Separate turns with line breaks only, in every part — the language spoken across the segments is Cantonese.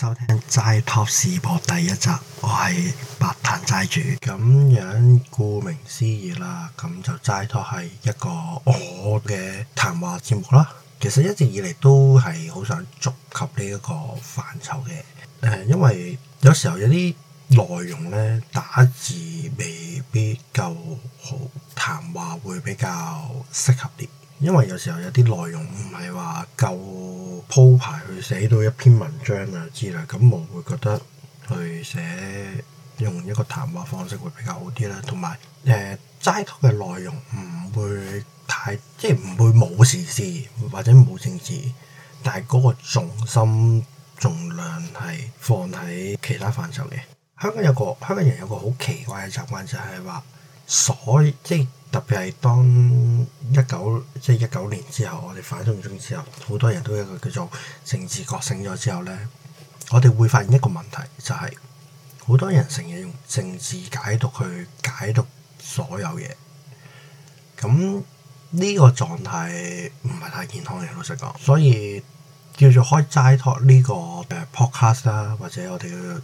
收聽齋 Talk 試播第一集，我係百彈齋主。咁樣顧名思義啦，咁就齋 Talk 係一個我嘅談話節目啦。其實一直以嚟都係好想觸及呢一個範疇嘅。誒、呃，因為有時候有啲內容咧打字未必夠好，談話會比較適合啲。因為有時候有啲內容唔係話夠鋪排。寫到一篇文章啊之類，咁我會覺得去寫用一個談話方式會比較好啲啦。同埋誒，齋 Talk 嘅內容唔會太，即係唔會冇時事或者冇政治，但係嗰個重心重量係放喺其他範疇嘅。香港有個，香港人有個好奇怪嘅習慣，就係話所即係。特別係當一九即係一九年之後，我哋反中中之後，好多人都有一個叫做政治覺醒咗之後咧，我哋會發現一個問題，就係好多人成日用政治解讀去解讀所有嘢，咁呢個狀態唔係太健康嘅，老實講。所以叫做開齋 Talk 呢個嘅 podcast 啦，或者我哋。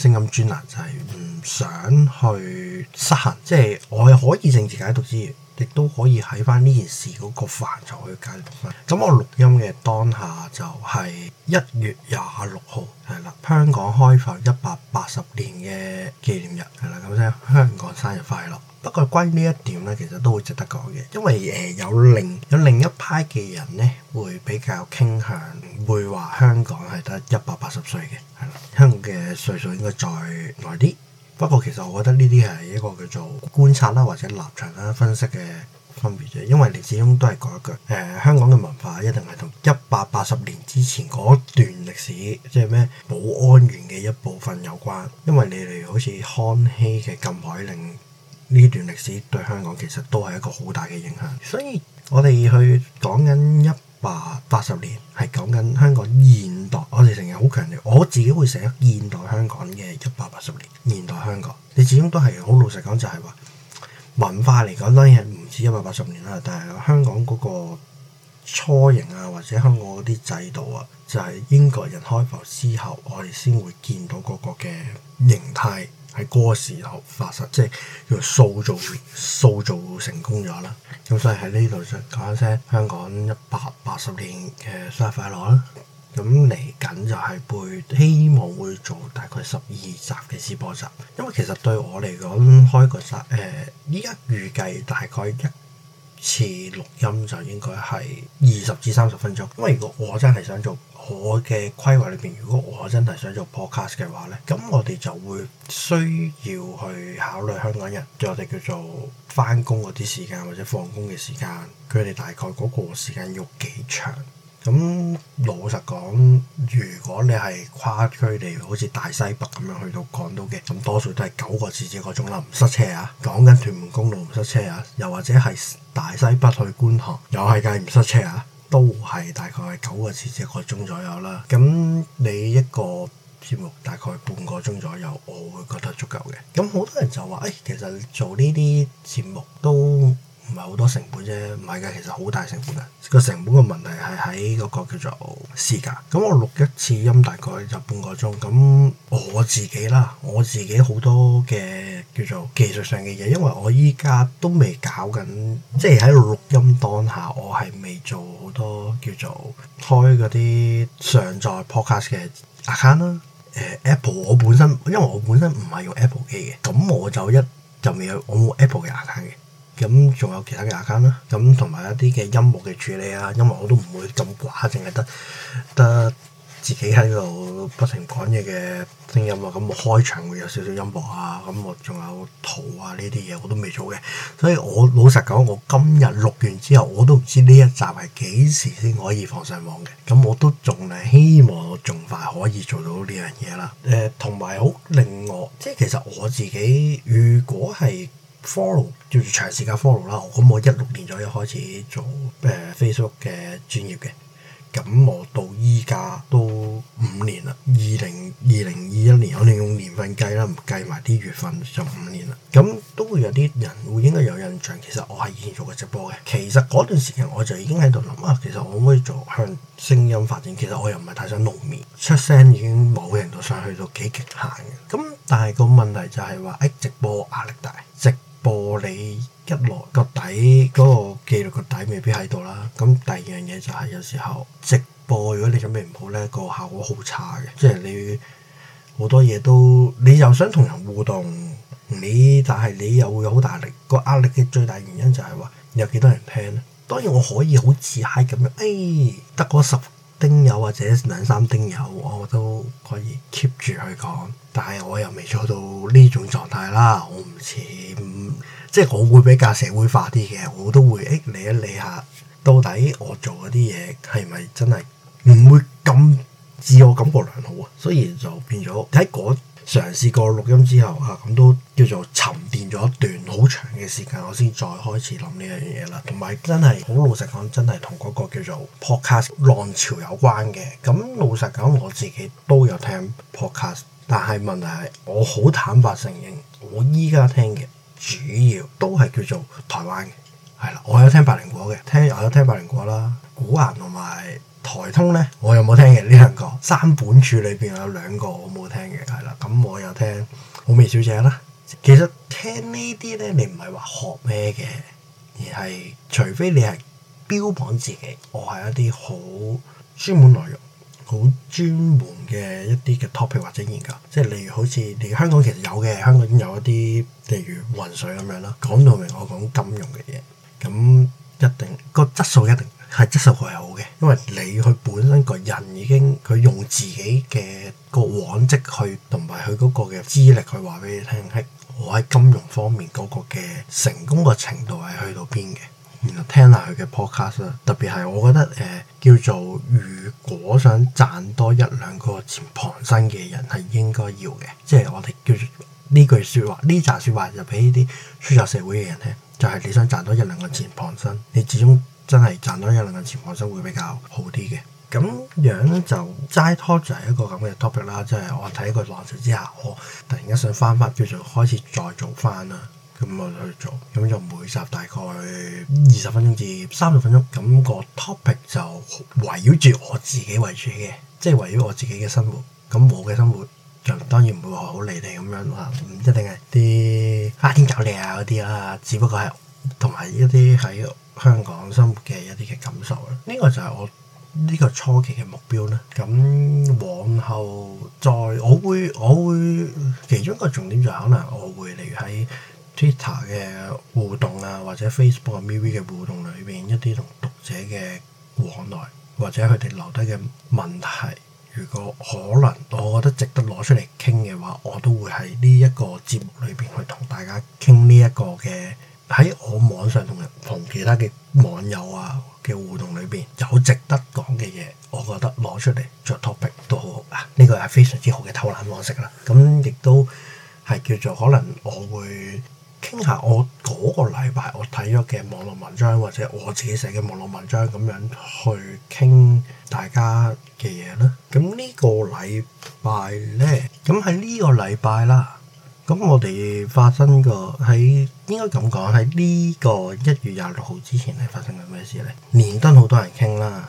聲音專欄，就係唔想去失衡，即係我係可以政治解讀之餘，亦都可以喺翻呢件事嗰個範疇去解讀翻。咁我錄音嘅當下就係一月廿六號，係啦，香港開埠一百八十年嘅紀念日，係啦，咁即係香港生日快樂。不過關於呢一點咧，其實都會值得講嘅，因為誒有另有另一派嘅人咧，會比較傾向會話香港係得一百八十歲嘅。香港嘅歲數應該再耐啲，不過其實我覺得呢啲係一個叫做觀察啦，或者立場啦、分析嘅分別啫。因為你始終都係講一句，誒、呃、香港嘅文化一定係同一百八十年之前嗰段歷史，即係咩保安員嘅一部分有關。因為你哋好似康熙嘅禁海令呢段歷史，對香港其實都係一個好大嘅影響。所以我哋去講緊一。八八十年係講緊香港現代，我哋成日好強調，我自己會寫現代香港嘅一百八十年。現代香港，你始終都係好老實講，就係，就係話文化嚟講當然係唔止一百八十年啦，但係香港嗰、嗰個。初型啊，或者香港嗰啲制度啊，就係英國人開埠之後，我哋先會見到嗰個嘅形態喺嗰個時候發生，即係叫做塑造、塑造成功咗啦。咁所以喺呢度就講一聲香港一百八十年嘅生日快樂啦！咁嚟緊就係會希望會做大概十二集嘅試播集，因為其實對我嚟講開個集，誒依家預計大概一。次錄音就應該係二十至三十分鐘，因為如果我真係想做我嘅規劃裏邊，如果我真係想做 podcast 嘅話咧，咁我哋就會需要去考慮香港人，我哋叫做返工嗰啲時間或者放工嘅時間，佢哋大概嗰個時間要幾長？咁老實講，如果你係跨區地，好似大西北咁樣去到港島嘅，咁多數都係九個字至一個鐘啦，唔塞車啊。講緊屯門公路唔塞車啊，又或者係大西北去觀塘，又係計唔塞車啊，都係大概係九個字至一個鐘左右啦。咁你一個節目大概半個鐘左右，我會覺得足夠嘅。咁好多人就話，誒、哎，其實做呢啲節目都唔係好多成本啫，唔係㗎，其實好大成本嘅。個成本嘅問題係喺嗰個叫做時間。咁我錄一次音大概就半個鐘。咁我自己啦，我自己好多嘅叫做技術上嘅嘢，因為我依家都未搞緊，即係喺度錄音當下，我係未做好多叫做開嗰啲上載 podcast 嘅 account 啦。呃，Apple 我本身，因為我本身唔係用 Apple 機嘅，咁我就一就未有，我冇 Apple 嘅 account 嘅。咁仲有其他嘅 account 啦，咁同埋一啲嘅音樂嘅處理啊，音樂我都唔會咁寡，淨係得得自己喺度不停講嘢嘅聲音啊，咁我開場會有少少音樂啊，咁我仲有圖啊呢啲嘢我都未做嘅，所以我老實講，我今日錄完之後，我都唔知呢一集係幾時先可以放上網嘅，咁我都仲係希望我盡快可以做到呢樣嘢啦。誒，同埋好令我，即係其實我自己，如果係。follow 叫做長時間 follow 啦，咁我一六年左右開始做誒 Facebook 嘅專業嘅，咁我到依家都五年啦，二零二零二一年，可能用年份計啦，唔計埋啲月份就五年啦。咁都會有啲人會應該有印象，其實我係以前做過直播嘅。其實嗰段時間我就已經喺度諗啊，其實我可唔可以做向聲音發展，其實我又唔係太想露面，出聲已經某程度上去到幾極限嘅。咁但係個問題就係話誒，直播壓力大，直。播你一來個底，嗰個記錄個底未必喺度啦。咁第二樣嘢就係有時候直播，如果你準備唔好呢，個效果好差嘅。即係你好多嘢都，你又想同人互動，你但係你又會好大力。個壓力嘅最大原因就係話有幾多人聽咧。當然我可以好似嗨咁樣，誒，得嗰十丁友或者兩三丁友，我都可以 keep 住去講，但係我又未做到呢種狀態啦。我唔似、嗯，即係我會比較社會化啲嘅，我都會理一理下，到底我做嗰啲嘢係咪真係唔會咁自我感覺良好啊？所以就變咗喺嗰嘗試過錄音之後，啊咁都叫做沉澱咗一段好長嘅時間，我先再開始諗呢樣嘢啦。同埋真係好老實講，真係同嗰個叫做 podcast 浪潮有關嘅。咁老實講，我自己都有聽 podcast，但係問題係我好坦白承認，我依家聽嘅主要都係叫做台灣嘅。係啦，我有聽百靈果嘅，聽我有聽百靈果啦，股癌同埋台通咧，我有冇聽嘅呢兩個？三本柱裏邊有兩個我冇聽嘅，係啦。咁我有聽好味小姐啦。其實聽呢啲咧，你唔係話學咩嘅，而係除非你係標榜自己，我係一啲好專門內容、好專門嘅一啲嘅 topic 或者研究，即係例如好似你香港其實有嘅，香港已經有一啲例如渾水咁樣啦，講到明我講金融嘅嘢。咁一定、嗰個質素一定係質素係好嘅，因為你佢本身個人，已經佢用自己嘅個往績去同埋佢嗰個嘅資歷去話俾你聽， 係我喺金融方面嗰個嘅成功嘅程度係去到邊嘅。然後聽下佢嘅 podcast 啦，特別係我覺得誒、呃、叫做如果想賺多一兩個錢旁身嘅人係應該要嘅，即係我哋叫做。呢句説話，呢集説話就俾啲出入社會嘅人聽，就係、是、你想賺多一兩個錢傍身，你始終真係賺多一兩個錢傍身會比較好啲嘅。咁樣就齋 Talk 就係一個咁嘅 topic 啦，即係我睇個浪潮之下，我突然間想翻翻叫做開始再做翻啦，咁我去做，咁就每集大概二十分鐘至三十分鐘，咁個 topic 就圍繞住我自己為主嘅，即係圍繞我自己嘅生活，咁我嘅生活。當然唔會話好離地咁樣，唔一定係啲花天酒地啊嗰啲啦，只不過係同埋一啲喺香港生活嘅一啲嘅感受啦。呢、呢個就係我呢個初期嘅目標啦。咁往後再，我會我會其中一個重點就係可能我會嚟喺 Twitter 嘅互動啊，或者 Facebook、Mewe 嘅互動裏邊一啲同讀者嘅往來，或者佢哋留低嘅問題。如果可能，我覺得值得攞出嚟傾嘅話，我都會喺呢一個節目裏邊去同大家傾呢一個嘅喺我網上同同其他嘅網友啊嘅互動裏邊有值得講嘅嘢，我覺得攞出嚟着 topic 都好好啊！呢、這個係非常之好嘅偷懶方式啦。咁亦都係叫做可能我會傾下我嗰個禮拜我睇咗嘅網絡文章或者我自己寫嘅網絡文章咁樣去傾大家嘅嘢啦。咁呢個禮拜咧，咁喺呢個禮拜啦，咁我哋發生過，喺應該咁講，喺呢個一月廿六號之前係發生緊咩事咧？連登好多人傾啦，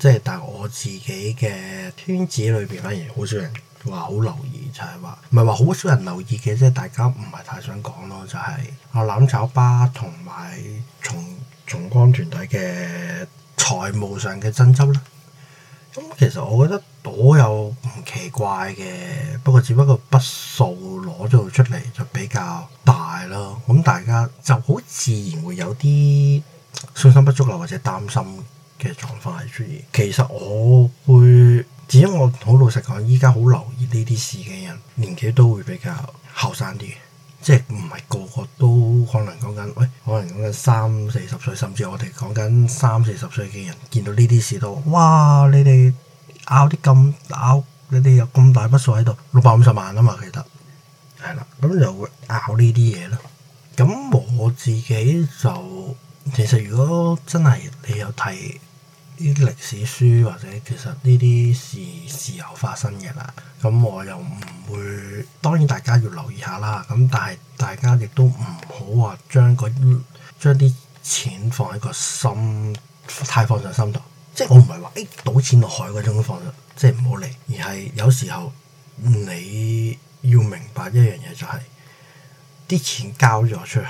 即係但係我自己嘅圈子裏邊反而好少人話好留意，就係話唔係話好少人留意嘅，即係大家唔係太想講咯，就係、是、我攬炒巴同埋重重光團隊嘅財務上嘅爭執啦。咁其實我覺得攞又唔奇怪嘅，不過只不過筆數攞咗出嚟就比較大咯。咁大家就好自然會有啲信心不足啦，或者擔心嘅狀況係出現。其實我會，只因我好老實講，依家好留意呢啲事嘅人，年紀都會比較後生啲。即係唔係個個都可能講緊？喂，可能講緊三四十歲，甚至我哋講緊三四十歲嘅人，見到呢啲事都，哇！你哋拗啲咁拗，你哋有咁大筆數喺度，六百五十萬啊嘛，其實係啦，咁就會拗呢啲嘢咯。咁我自己就其實如果真係你有睇啲歷史書或者其實呢啲事時有發生嘅啦，咁我又唔會，當然大家要留意下啦。咁但係大家亦都唔好話將個將啲錢放喺個心太放上心度，即係我唔係話誒賭錢落海嗰種放上，即係唔好嚟。而係有時候你要明白一樣嘢，就係啲錢交咗出去，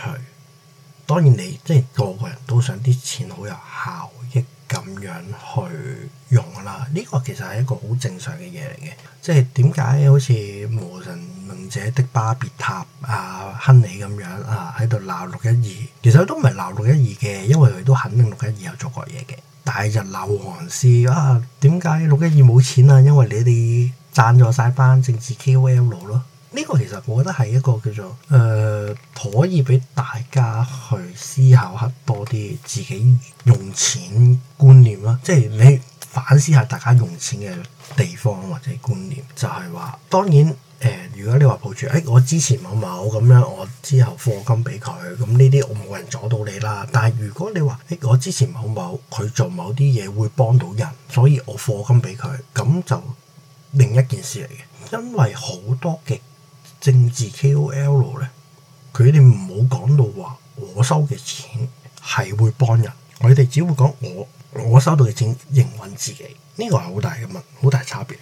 當然你即係個個人都想啲錢好有效益。咁樣去用啦，呢個其實係一個好正常嘅嘢嚟嘅。即係點解好似無神論者的巴別塔啊、啊亨利咁樣啊，喺度鬧六一二，其實都唔係鬧六一二嘅，因為佢都肯定六一二有做過嘢嘅。但係就鬧黃絲啊，點解六一二冇錢啊？因為你哋贊助晒班政治 K O L 咯。呢個其實我覺得係一個叫做誒、呃，可以俾大家去思考下多啲自己用錢觀念啦。即係你反思下大家用錢嘅地方或者觀念，就係、是、話當然誒、呃，如果你話抱住誒、哎、我之前某某咁樣，我之後課金俾佢，咁呢啲我冇人阻到你啦。但係如果你話誒、哎、我之前某某佢做某啲嘢會幫到人，所以我課金俾佢，咁就另一件事嚟嘅，因為好多嘅。政治 KOL 咧，佢哋唔好講到話我收嘅錢係會幫人，我哋只會講我我收到嘅錢營運自己，呢個係好大嘅問題，好大差別。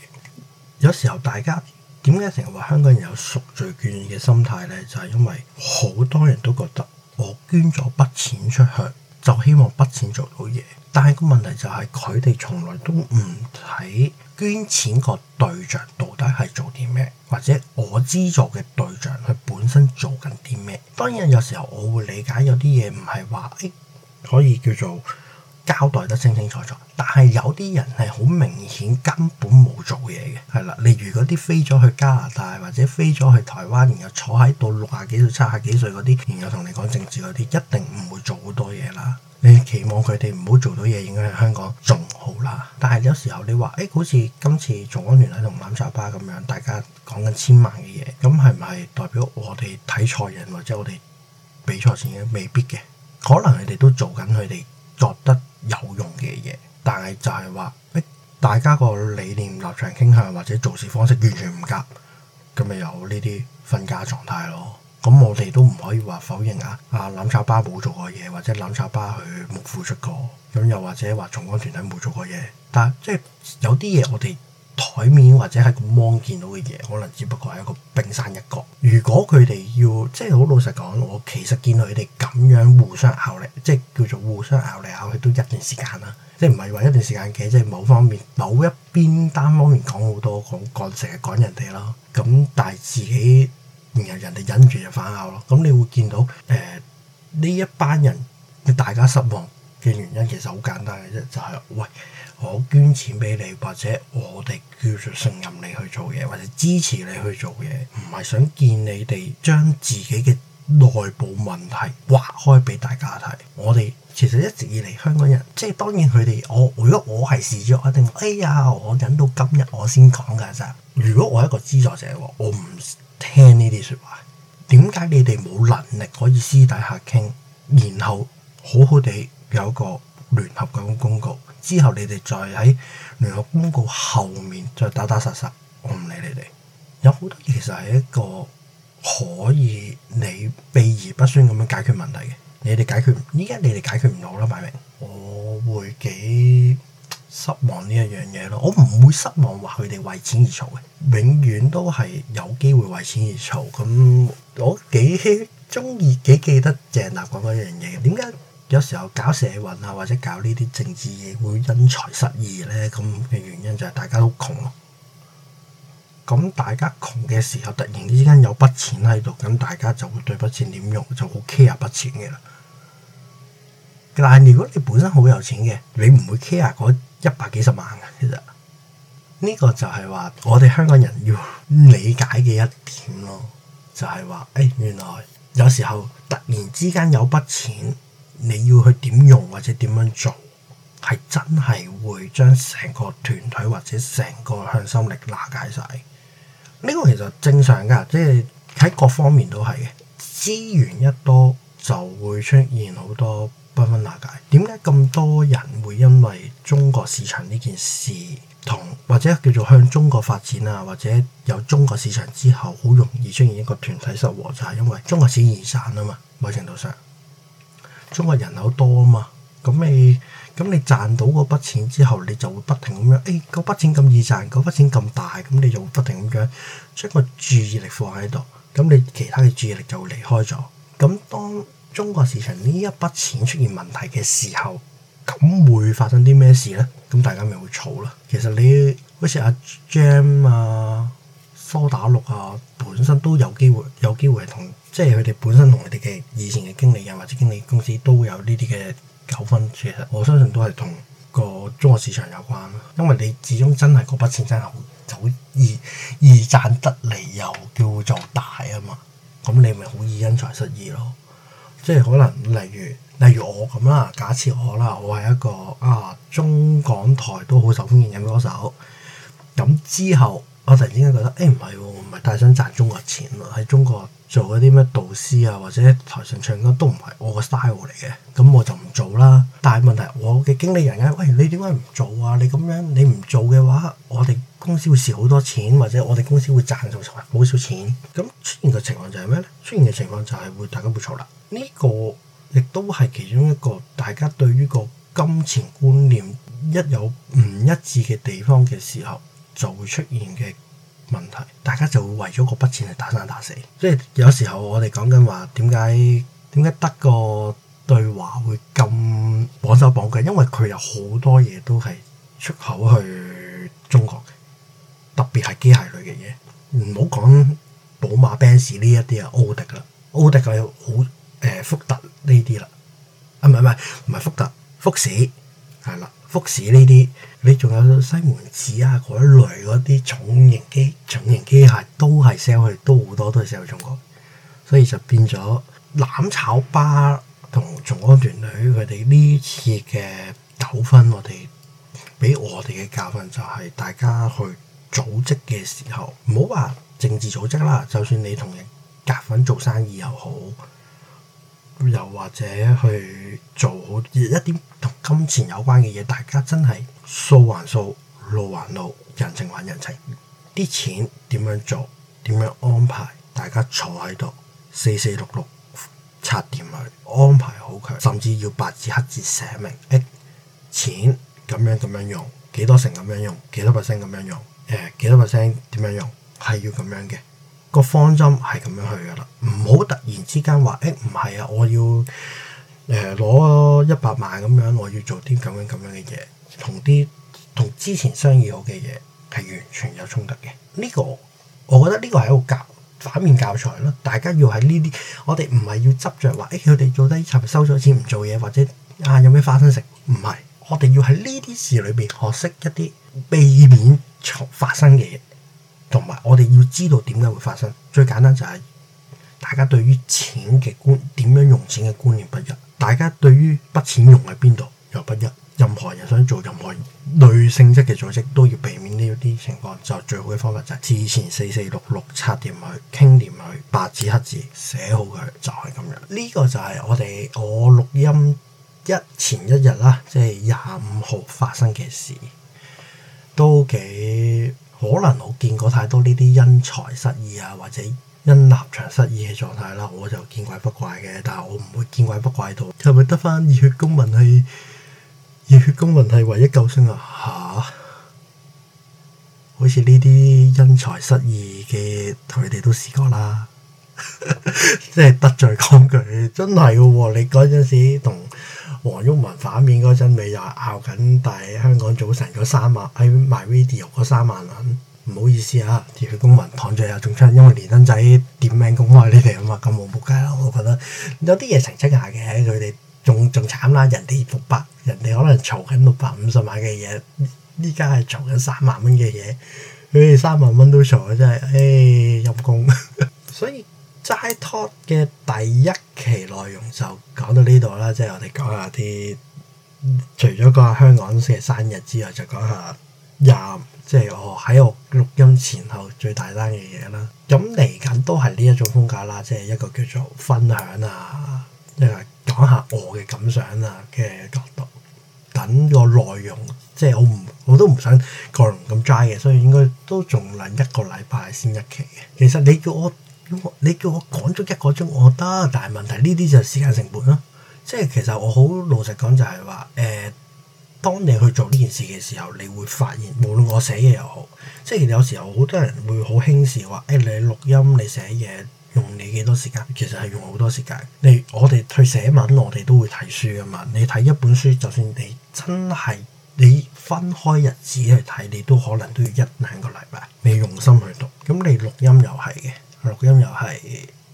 有時候大家點解成日話香港人有贖罪券嘅心態咧？就係因為好多人都覺得我捐咗筆錢出去，就希望筆錢做到嘢。但係個問題就係佢哋從來都唔睇。捐錢個對象到底係做啲咩？或者我資助嘅對象佢本身做緊啲咩？當然有時候我會理解有啲嘢唔係話，誒，可以叫做交代得清清楚楚，但係有啲人係好明顯根本冇做嘢嘅，係啦。例如嗰啲飛咗去加拿大或者飛咗去台灣，然後坐喺度六十幾歲、七十幾歲嗰啲，然後同你講政治嗰啲，一定唔會做好多嘢啦。你期望佢哋唔好做到嘢，影響香港仲好啦。但係有時候你話，誒好似今次做安聯啊同攬炒巴咁樣，大家講緊千萬嘅嘢，咁係唔係代表我哋睇錯人或者我哋比賽前未必嘅？可能你哋都做緊，佢哋覺得。有用嘅嘢，但係就係話，誒，大家個理念、立場、傾向或者做事方式完全唔夾，咁咪有呢啲分家狀態咯。咁我哋都唔可以話否認啊！啊，攬炒巴冇做過嘢，或者攬炒巴佢冇付出過，咁又或者話重光團體冇做過嘢，但係即係有啲嘢我哋。台面或者係個芒見到嘅嘢，可能只不過係一個冰山一角。如果佢哋要，即係好老實講，我其實見到佢哋咁樣互相拗力，即係叫做互相拗嚟拗去都一段時間啦。即係唔係話一段時間嘅，即係某方面某一邊單方面講好多，講常常講，成日講人哋咯。咁但係自己然後人哋忍住就反拗咯。咁你會見到誒呢、呃、一班人大家失望嘅原因其實好簡單嘅啫，就係、是、喂。我捐錢畀你，或者我哋叫做信任你去做嘢，或者支持你去做嘢，唔係想見你哋將自己嘅內部問題挖開俾大家睇。我哋其實一直以嚟香港人，即係當然佢哋我如果我係事主我一定哎呀，我忍到今日我先講㗎咋。如果我係一個資助者，我唔聽呢啲説話。點解你哋冇能力可以私底下傾，然後好好地有一個聯合嗰種公告？之後你哋再喺聯合公告後面再打打殺殺，我唔理你哋。有好多嘢其實係一個可以你避而不宣咁樣解決問題嘅。你哋解決唔依家，你哋解決唔到啦，擺明。我會幾失望呢一樣嘢咯。我唔會失望話佢哋為錢而嘈嘅，永遠都係有機會為錢而嘈。咁我幾中意幾記得鄭立講嗰樣嘢嘅。點解？有時候搞社運啊，或者搞呢啲政治嘢，會因財失義呢。咁嘅原因就係大家都窮咯。咁大家窮嘅時候，突然之間有筆錢喺度，咁大家就會對筆錢點用，就好 care 筆錢嘅啦。但係，如果你本身好有錢嘅，你唔會 care 嗰一百幾十萬嘅。其實呢個就係話我哋香港人要理解嘅一點咯，就係話誒原來有時候突然之間有筆錢。你要去點用或者點樣做，係真係會將成個團體或者成個向心力瓦解晒。呢個其實正常噶，即係喺各方面都係嘅。資源一多就會出現好多紛紛瓦解。點解咁多人會因為中國市場呢件事同，或者叫做向中國發展啊，或者有中國市場之後好容易出現一個團體失和，就係因為中國市易散啊嘛。某程度上。中國人口多啊嘛，咁你咁你賺到嗰筆錢之後，你就會不停咁樣誒嗰筆錢咁易賺，嗰筆錢咁大，咁你就又不停咁樣將個注意力放喺度，咁你其他嘅注意力就會離開咗。咁當中國市場呢一筆錢出現問題嘅時候，咁會發生啲咩事呢？咁大家咪會嘈啦。其實你好似阿 Jam 啊。多打六啊！本身都有機會，有機會係同即係佢哋本身同你哋嘅以前嘅經理人或者經理公司都有呢啲嘅糾紛。其實我相信都係同個中國市場有關啦。因為你始終真係嗰筆錢真係好好易易賺得嚟又叫做大啊嘛。咁你咪好易因材失意咯。即係可能例如例如我咁啦，假設我啦，我係一個啊中港台都好受歡迎嘅歌手。咁之後。我突然之間覺得，誒唔係喎，唔係太想賺中國錢咯，喺中國做嗰啲咩導師啊，或者台上唱歌都唔係我個 style 嚟嘅，咁我就唔做啦。但係問題，我嘅經理人咧、啊，喂，你點解唔做啊？你咁樣，你唔做嘅話，我哋公司會少好多錢，或者我哋公司會賺到好少錢。咁出現嘅情況就係咩咧？出現嘅情況就係會大家會吵啦。呢、呢個亦都係其中一個大家對於個金錢觀念一有唔一致嘅地方嘅時候。就會出現嘅問題，大家就會為咗個筆錢嚟打生打死。即係有時候我哋講緊話點解點解德國對華會咁綁手綁腳，因為佢有好多嘢都係出口去中國嘅，特別係機械類嘅嘢。唔好講寶馬、Benz 呢一啲啊，奧迪啦，奧迪佢好誒福特呢啲啦。啊，唔係唔係唔係福特，福士係啦。福士呢啲，你仲有西門子啊，嗰一類嗰啲重型機、重型機械都係 sell 去，都好多都 sell 中國，所以就變咗攬炒巴同重光團隊佢哋呢次嘅糾紛，我，我哋俾我哋嘅教訓就係，大家去組織嘅時候，唔好話政治組織啦，就算你同人夾份做生意又好。又或者去做好一啲同金錢有關嘅嘢，大家真係數還數，路還路，人情還人情。啲錢點樣做？點樣安排？大家坐喺度，四四六六，拆掂佢，安排好佢，甚至要白紙黑字寫明，誒、欸、錢咁樣咁樣用，幾多成咁樣用，幾多 percent 咁樣用，誒、欸、幾多 percent 點樣用，係要咁樣嘅。個方針係咁樣去㗎啦，唔好突然之間話，誒，唔係啊，我要誒，攞一百萬咁樣，我要做啲咁樣咁樣嘅嘢，同啲同之前商議好嘅嘢係完全有衝突嘅。呢、這個我覺得呢個係一個教反面教材啦。大家要喺呢啲，我哋唔係要執着話，誒，佢哋做低收收咗錢唔做嘢，或者啊有咩花生食？唔係，我哋要喺呢啲事裏邊學識一啲避免從發生嘅嘢。同埋我哋要知道點解會發生，最簡單就係大家對於錢嘅觀點樣用錢嘅觀念不一，大家對於筆錢用喺邊度又不一。任何人想做任何類性質嘅組織，都要避免呢一啲情況。就最好嘅方法就係事前四四六六拆掂佢，傾掂佢，白紙黑字寫好佢，就係咁樣。呢個就係我哋我錄音一前一日啦，即係廿五號發生嘅事，都幾。可能我見過太多呢啲因財失義啊，或者因立場失義嘅狀態啦，我就見怪不怪嘅。但係我唔會見怪不怪到係咪得返熱血公民係熱血公民係唯一救星啊？嚇、啊！好似呢啲因財失義嘅佢哋都試過啦，即 係得罪講句真係嘅喎。你嗰陣時同。黃毓民反面嗰陣未又係拗緊，但係香港早晨嗰三萬喺賣 video 嗰三萬銀，唔好意思啊，熱血公民躺著又中槍，因為連登仔點名公開你哋啊嘛，咁冇仆街啦。我覺得有啲嘢澄清下嘅，佢哋仲仲慘啦，人哋六百，人哋可能嘈緊六百五十萬嘅嘢，依家係嘈緊三萬蚊嘅嘢，佢哋三萬蚊都嘈啊，真係，誒陰公所以。齋 talk 嘅第一期內容就講到呢度啦，即係我哋講下啲除咗講下香港嘅三日之外，就講下廿即係我喺我錄音前後最大單嘅嘢啦。咁嚟緊都係呢一種風格啦，即係一個叫做分享啊，即係講下我嘅感想啊嘅角度。等個內容即係我唔我都唔想個容咁齋嘅，所以應該都仲諗一個禮拜先一期嘅。其實你叫我。你叫我講咗一個鐘，我得，但係問題呢啲就係時間成本咯。即係其實我好老實講，就係話誒，當你去做呢件事嘅時候，你會發現無論我寫嘢又好，即係有時候好多人會好輕視話誒、哎，你錄音你寫嘢用你幾多時間，其實係用好多時間。你我哋去寫文，我哋都會睇書噶嘛。你睇一本書，就算你真係你分開日子去睇，你都可能都要一兩個禮拜。你用心去讀，咁你錄音又係嘅。錄音又係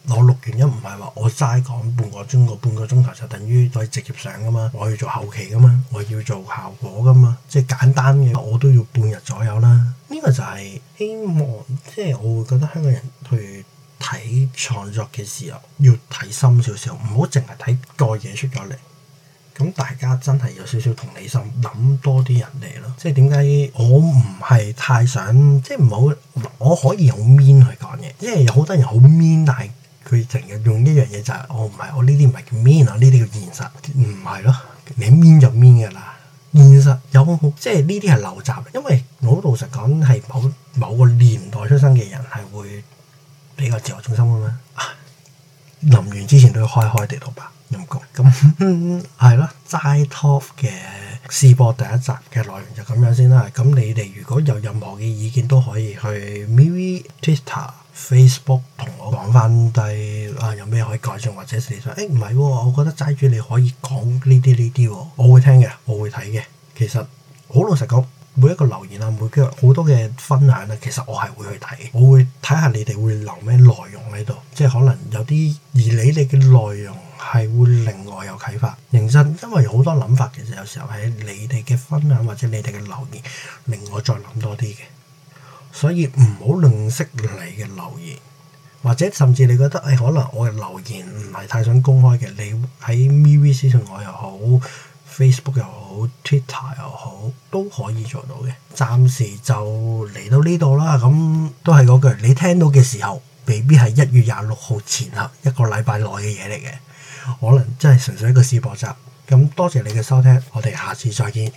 我錄完音，唔係話我齋講半個鐘個半個鐘頭就等於可以直接上噶嘛？我要做後期噶嘛？我要做效果噶嘛？即係簡單嘅，我都要半日左右啦。呢、這個就係希望，即係我會覺得香港人去睇創作嘅時候，要睇深少少，唔好淨係睇個嘢出咗嚟。咁大家真係有少少同理心，諗多啲人哋咯。即係點解我唔係太想即係唔好我可以用 mean 嚟講。因為有好多人好 mean，但係佢成日用一樣嘢就係我唔係我呢啲唔係叫 mean 啊，呢、哦、啲、哦、叫，叫現實唔係咯。你 mean 就 mean 噶啦。現實有即係呢啲係陋習，因為我老實講係某某個年代出生嘅人係會比較自我中心嘅咩？臨、啊、完之前都要開開地圖吧，有冇講？咁係 咯。齋 Talk 嘅試播第一集嘅內容就咁樣先啦。咁你哋如果有任何嘅意見都可以去 MeWe Twitter。Facebook 同我講翻低啊，有咩可以改善或者寫出？誒，唔係喎，我覺得齋主你可以講呢啲呢啲喎，我會聽嘅，我會睇嘅。其實好老實講，每一個留言啊，每一個好多嘅分享啊，其實我係會去睇，我會睇下你哋會留咩內容喺度，即係可能有啲而你哋嘅內容係會另外有啟發。認真，因為有好多諗法，其實有時候係你哋嘅分享或者你哋嘅留言，令我再諗多啲嘅。所以唔好吝惜你嘅留言，或者甚至你覺得誒、哎、可能我嘅留言唔係太想公開嘅，你喺 Mewe 私信我又好，Facebook 又好，Twitter 又好，都可以做到嘅。暫時就嚟到呢度啦，咁都係嗰句，你聽到嘅時候，未必係一月廿六號前啊，一個禮拜內嘅嘢嚟嘅。可能真係純粹一個試播集。咁多謝你嘅收聽，我哋下次再見。